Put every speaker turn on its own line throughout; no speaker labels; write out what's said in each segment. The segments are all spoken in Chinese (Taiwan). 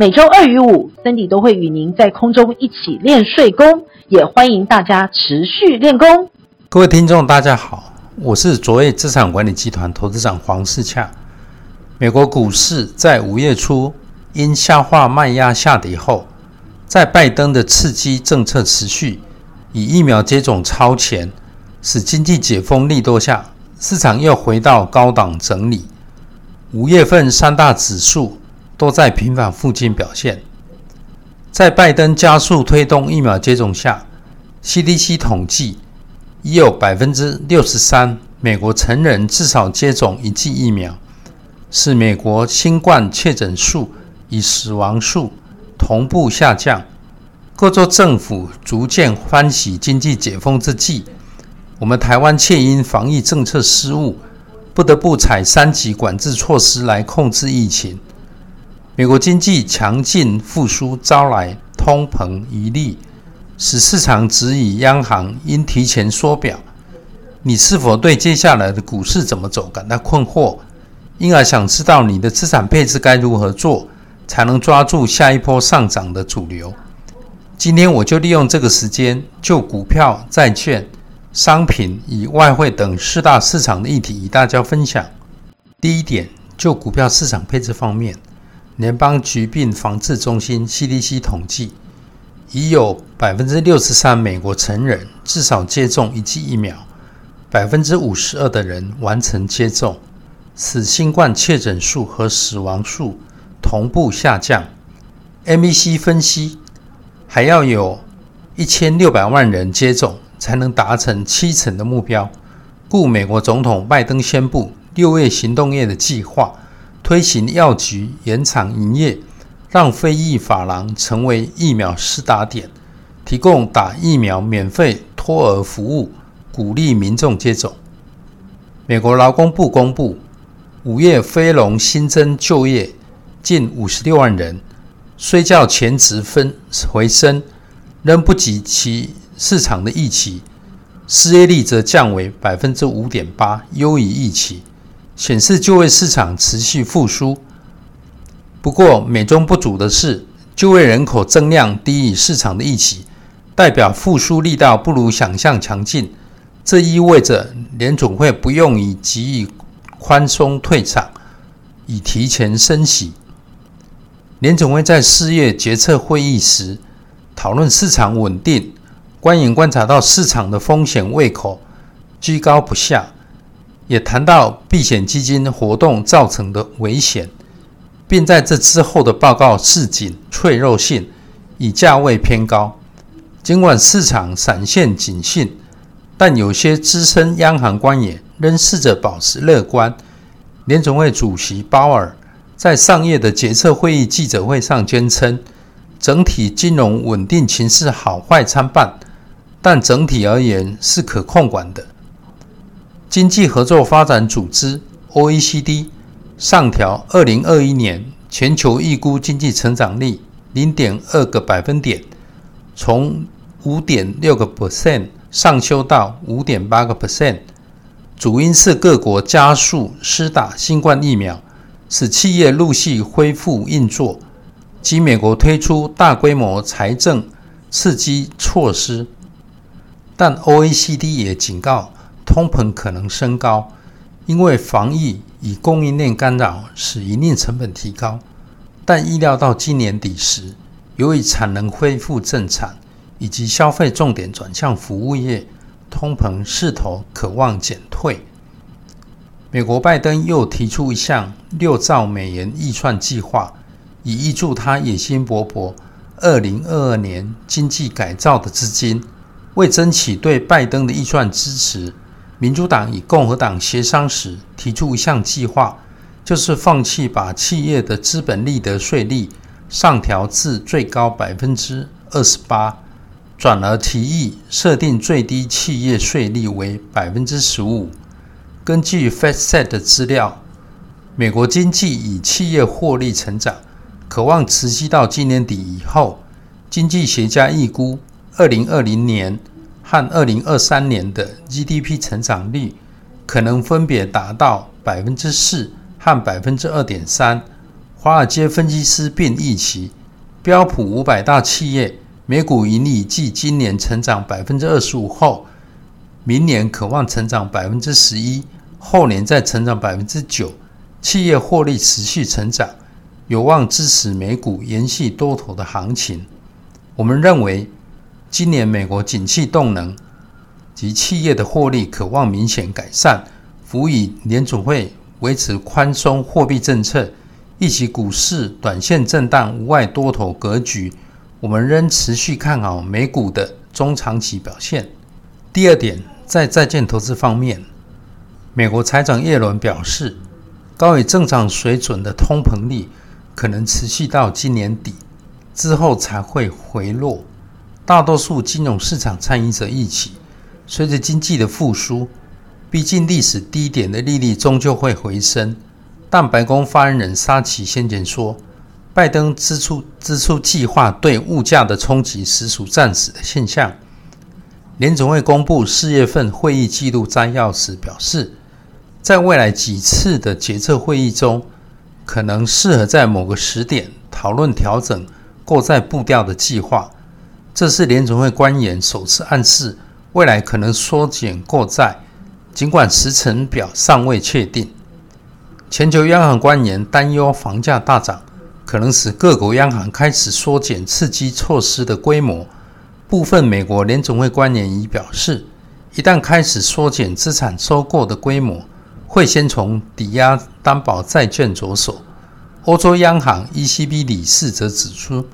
每周二與五，森迪都會與您在空中一起練睡功，也歡迎大家持續練功。各位聽眾，大家好，我是卓越資產管理集團投資長黃世洽。美國股市在五月初因消化賣壓下跌後，在拜登的刺激政策持續，以疫苗接種超前使經濟解封利多下，市場又回到高檔整理。五月份三大指數。都在平盤附近表現。在拜登加速推動疫苗接種下，CDC 統計已有百分之六十三美國成人至少接種一劑疫苗，使美國新冠確診數與死亡數同步下降。各州政府逐漸歡喜經濟解封之際，我們台灣卻因防疫政策失誤，不得不採三級管制措施來控制疫情。美國經濟強勁復甦，招來通膨疑慮，使市場指引央行應提前縮表。你是否對接下來的股市怎麼走感到困惑？因而想知道你的資產配置該如何做，才能抓住下一波上漲的主流？今天我就利用這個時間，就股票、債券、商品與外匯等四大市場的議題與大家分享。第一點，就股票市場配置方面。聯邦疾病防治中心 （CDC） 統計，已有百分之六十三美國成人至少接種一劑疫苗，百分之五十二的人完成接種，使新冠確診數和死亡數同步下降。M.E.C. 分析，還要有一千六百萬人接種才能達成七成的目標，故美國總統拜登宣布六月行動月的計劃。推行藥局延長營業，讓非醫髮廊成為疫苗施打點，提供打疫苗免費托兒服務，鼓勵民眾接種。美國勞工部公布，五月非農新增就業近五十六萬人，雖較前值分回升，仍不及其市場的預期，失業率則降為百分之五點八，優於預期。顯示就業市場持續復甦，不過美中不足的是，就業人口增量低於市場的預期，代表復甦力道不如想象強勁。這意味着聯準會不用急於寬鬆退場，以提前升息。聯準會在四月決策會議時討論市場穩定，官員觀察到市場的風險胃口居高不下。也談到避險基金活動造成的危險，並在這之後的報告示警脆弱性以價位偏高。儘管市場閃現警訊，但有些資深央行官員仍試着保持樂觀。聯準會主席鮑爾在上月的決策會議記者會上堅稱，整體金融穩定情勢好壞參半，但整體而言是可控管的。經濟合作發展組織 （OECD） 上調二零二一年全球預估經濟成長率零點二個百分點，從五點六個趴上修到五點八個趴。主因是各國加速施打新冠疫苗，使企業陸續恢復運作，及美國推出大規模財政刺激措施。但 OECD 也警告，通膨可能升高，因為防疫與供應鏈干擾使營運成本提高。但預料到今年底時，由於產能恢復正常以及消費重點轉向服務業，通膨勢頭可望減退。美國拜登又提出一項六兆美元預算計劃，以挹注他野心勃勃二零二二年經濟改造的資金。為爭取對拜登的預算支持。民主黨與共和黨協商時提出一項計劃，就是放棄把企業的資本利得稅率上調至最高百分之二十八，轉而提議設定最低企業稅率為百分之十五。根據 FactSet 的資料，美國經濟以企業獲利成長，渴望持續到今年底以後。經濟學家預估，二零二零年。和二零二三年的 GDP 成長率可能分別達到百分之四和百分之二點三。華爾街分析師並預期標普五百大企業每股盈利，繼今年成長百分之二十五後，明年可望成長百分之十一，後年再成長百分之九，企業獲利持續成長，有望支持美股延續多頭的行情。我們認為。今年美國景氣動能及企業的獲利渴望明顯改善，輔以聯儲會維持寬鬆貨幣政策，以及股市短線震盪無礙多頭格局，我們仍持續看好美股的中長期表現。第二點，在債券投資方面，美國財長耶倫表示，高於正常水準的通膨率可能持續到今年底之後才會回落。大多數金融市場參與者預期，隨着經濟的復甦，逼近歷史低點的利率終究會回升。但白宮發言人沙奇先前說，拜登支出支出計劃對物價的衝擊實屬暫時的現象。聯準會公布四月份會議記錄摘要時表示，在未來幾次的決策會議中，可能適合在某個時點討論調整購債步調的計劃。這是聯準會官員首次暗示未來可能縮減購債，儘管時程表尚未確定。全球央行官員擔憂房價大漲，可能使各國央行開始縮減刺激措施的規模。部分美國聯準會官員已表示，一旦開始縮減資產收購的規模，會先從抵押擔保債券着手。歐洲央行 ECB 理事則指出。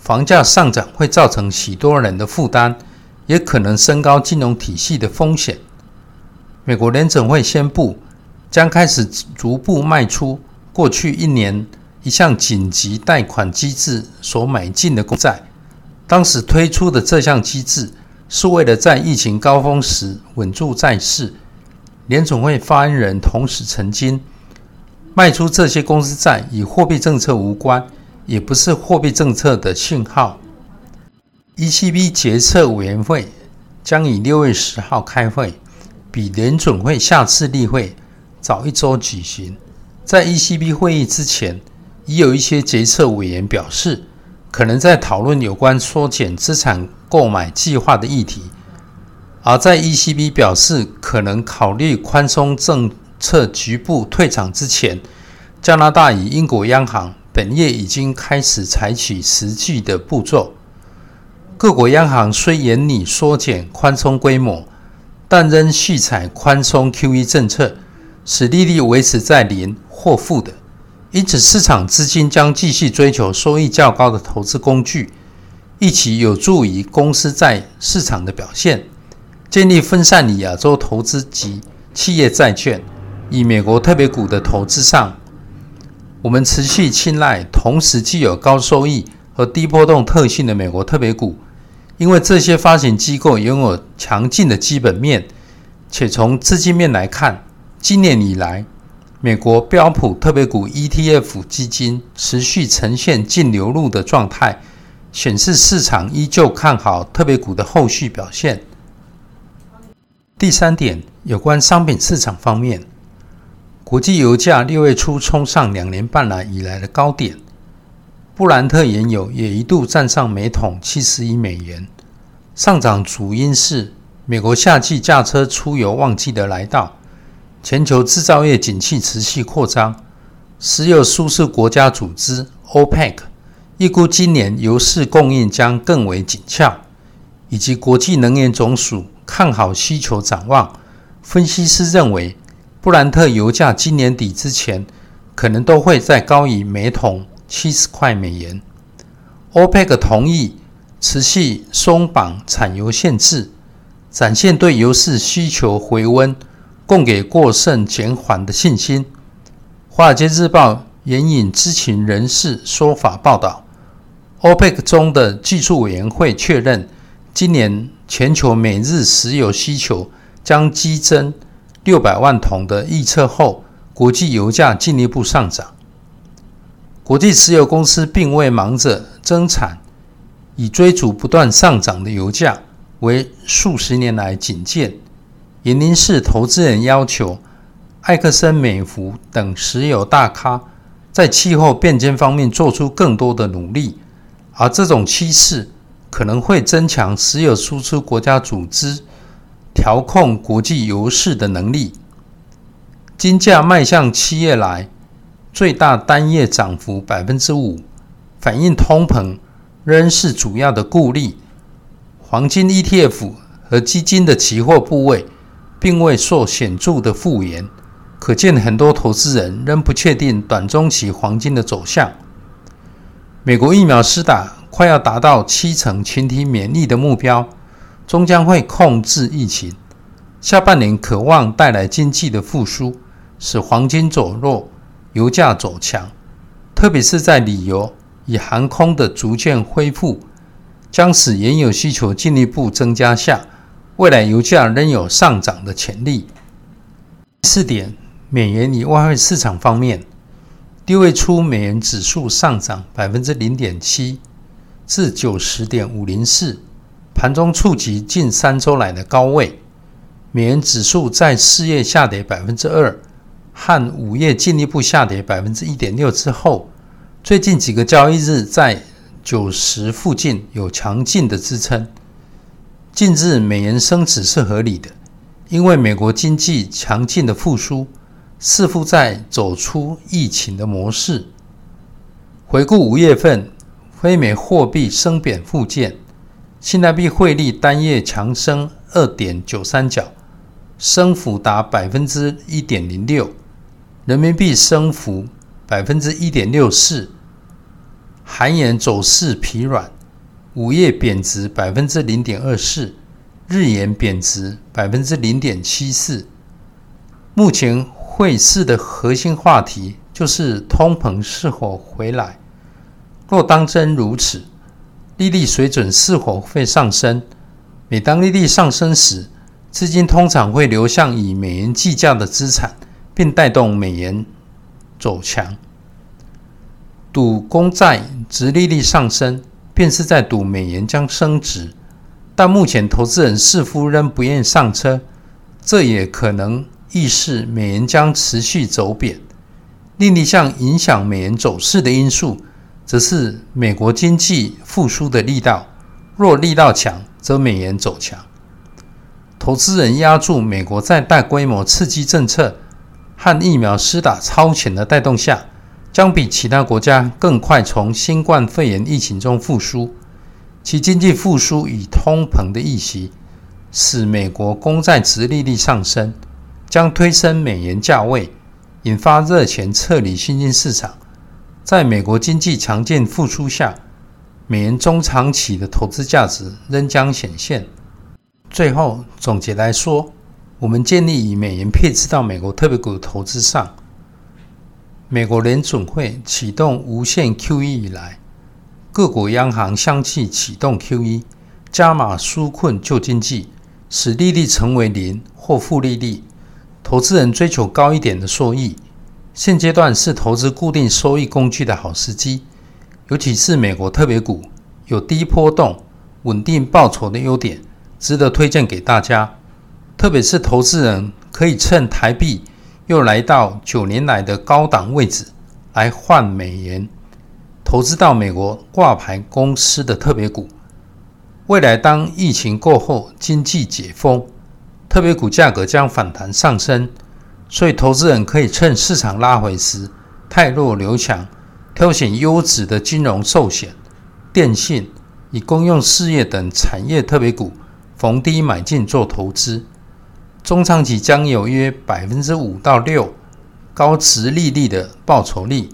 房價上漲會造成許多人的負擔，也可能升高金融體系的風險。美國聯準會宣布，將開始逐步賣出過去一年一項緊急貸款機制所買進的公債。當時推出的這項機制是為了在疫情高峰時穩住債市。聯準會發言人同時澄清，賣出這些公司債與貨幣政策無關。也不是貨幣政策的信號。ECB 決策委員會將以六月十號開會，比聯準會下次例會早一周舉行。在 ECB 會議之前，已有一些決策委員表示，可能在討論有關縮減資產購買計劃的議題。而在 ECB 表示可能考慮寬鬆政策局部退場之前，加拿大與英國央行。本月已經開始採取實際的步驟。各國央行雖研擬縮減寬鬆規模，但仍續採寬鬆 QE 政策，使利率維持在零或負的。因此，市場資金將繼續追求收益較高的投資工具，一起有助於公司債市場的表現，建立分散於亞洲投資及企業債券，以美國特別股的投資上。我們持續青睞同時具有高收益和低波動特性的美國特別股，因為這些發行機構擁有強勁的基本面，且從資金面來看，今年以來美國標普特別股 ETF 基金持續呈現淨流入的狀態，顯示市場依舊看好特別股的後續表現。第三點，有關商品市場方面。國際油價六月初衝上兩年半來以來的高點，布蘭特原油也一度站上每桶七十一美元。上漲主因是美國夏季駕車出遊旺季的來到，全球製造業景氣持續擴張，石油輸出國家組織 OPEC 預估今年油市供應將更為緊俏，以及國際能源總署看好需求展望。分析師認為。布蘭特油價今年底之前，可能都會再高於每桶七十塊美元。OPEC 同意持續鬆綁產油限制，展現對油市需求回溫、供給過剩減緩的信心。《華爾街日報》援引知情人士說法報道，OPEC 中的技術委員會確認，今年全球每日石油需求將激增。六百萬桶的預測後，國際油價進一步上漲。國際石油公司並未忙着增產，以追逐不斷上漲的油價，為數十年來僅見。原因是投資人要求埃克森美孚等石油大咖在氣候變遷方面做出更多的努力，而這種趨勢可能會增強石油輸出國家組織調控國際油市的能力，金價邁向七月來最大單月漲幅百分之五，反映通膨仍是主要的顧慮。黃金 ETF 和基金的期貨部位並未受顯著的復原，可見很多投資人仍不確定短中期黃金的走向。美國疫苗施打快要達到七成群體免疫的目標。終將會控制疫情，下半年可望帶來經濟的復蘇，使黃金走弱，油價走強。特別是在旅遊與航空的逐漸恢復，將使原油需求進一步增加下，未來油價仍有上漲的潛力。第四點，美元與外匯市場方面，六月初美元指數上漲百分之零點七，至九十點五零四。盤中觸及近三周來的高位，美元指數在四月下跌百分之二，和五月進一步下跌百分之一點六之後，最近幾個交易日在九十附近有強勁的支撐。近日美元升值是合理的，因為美國經濟強勁的復甦似乎在走出疫情的模式。回顧五月份，非美貨幣升貶互見新台幣匯率單月強升二點九三角，升幅達百分之一點零六，人民幣升幅百分之一點六四，韓元走勢疲軟，午夜貶值百分之零點二四，日元貶值百分之零點七四。目前匯市的核心話題就是通膨是否回來？若當真如此，利率水準是否會上升？每當利率上升時，資金通常會流向以美元計價的資產，並帶動美元走強。賭公債殖利率上升，便是在賭美元將升值。但目前投資人似乎仍不願上車，這也可能預示美元將持續走貶。另一項影響美元走勢的因素。則是美國經濟復甦的力道，若力道強，則美元走強。投資人押注美國在大規模刺激政策和疫苗施打超前的帶動下，將比其他國家更快從新冠肺炎疫情中復甦。其經濟復甦與通膨的預期，使美國公債殖利率上升，將推升美元價位，引發熱錢撤離新興市場。在美國經濟強勁復甦下，美元中長期的投資價值仍將顯現。最後總結來說，我們建議以美元配置到美國特別股的投資上。美國聯準會啟動無限 QE 以來，各國央行相繼啟動 QE，加碼紓困救經濟，使利率成為零或負利率，投資人追求高一點的收益。現階段是投資固定收益工具的好時機，尤其是美國特別股，有低波動、穩定報酬的優點，值得推薦給大家。特別是投資人可以趁台幣又來到九年來的高檔位置，來換美元，投資到美國掛牌公司的特別股。未來當疫情過後，經濟解封，特別股價格將反彈上升。所以，投資人可以趁市場拉回時，汰弱留強，挑選優質的金融、壽險、電信、以公用事業等產業特別股，逢低買進做投資。中長期將有約百分之五到六高殖利率的報酬率，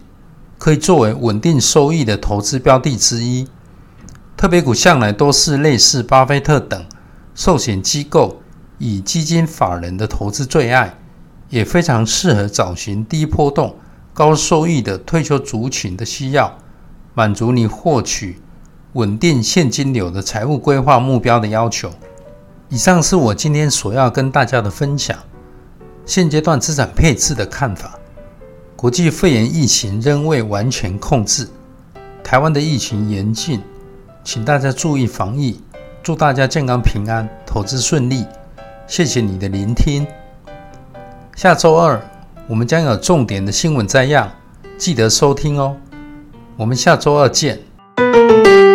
可以作為穩定收益的投資標的之一。特別股向來都是類似巴菲特等壽險機構以基金法人的投資最愛。也非常適合找尋低波動、高收益的退休族群的需要，滿足你獲取穩定現金流的財務規劃目標的要求。以上是我今天所要跟大家的分享，現階段資產配置的看法。國際肺炎疫情仍未完全控制，台灣的疫情嚴峻，請大家注意防疫，祝大家健康平安，投資順利。謝謝你的聆聽。下週二，我們將有重點的新聞摘要，記得收聽哦。我們下週二見。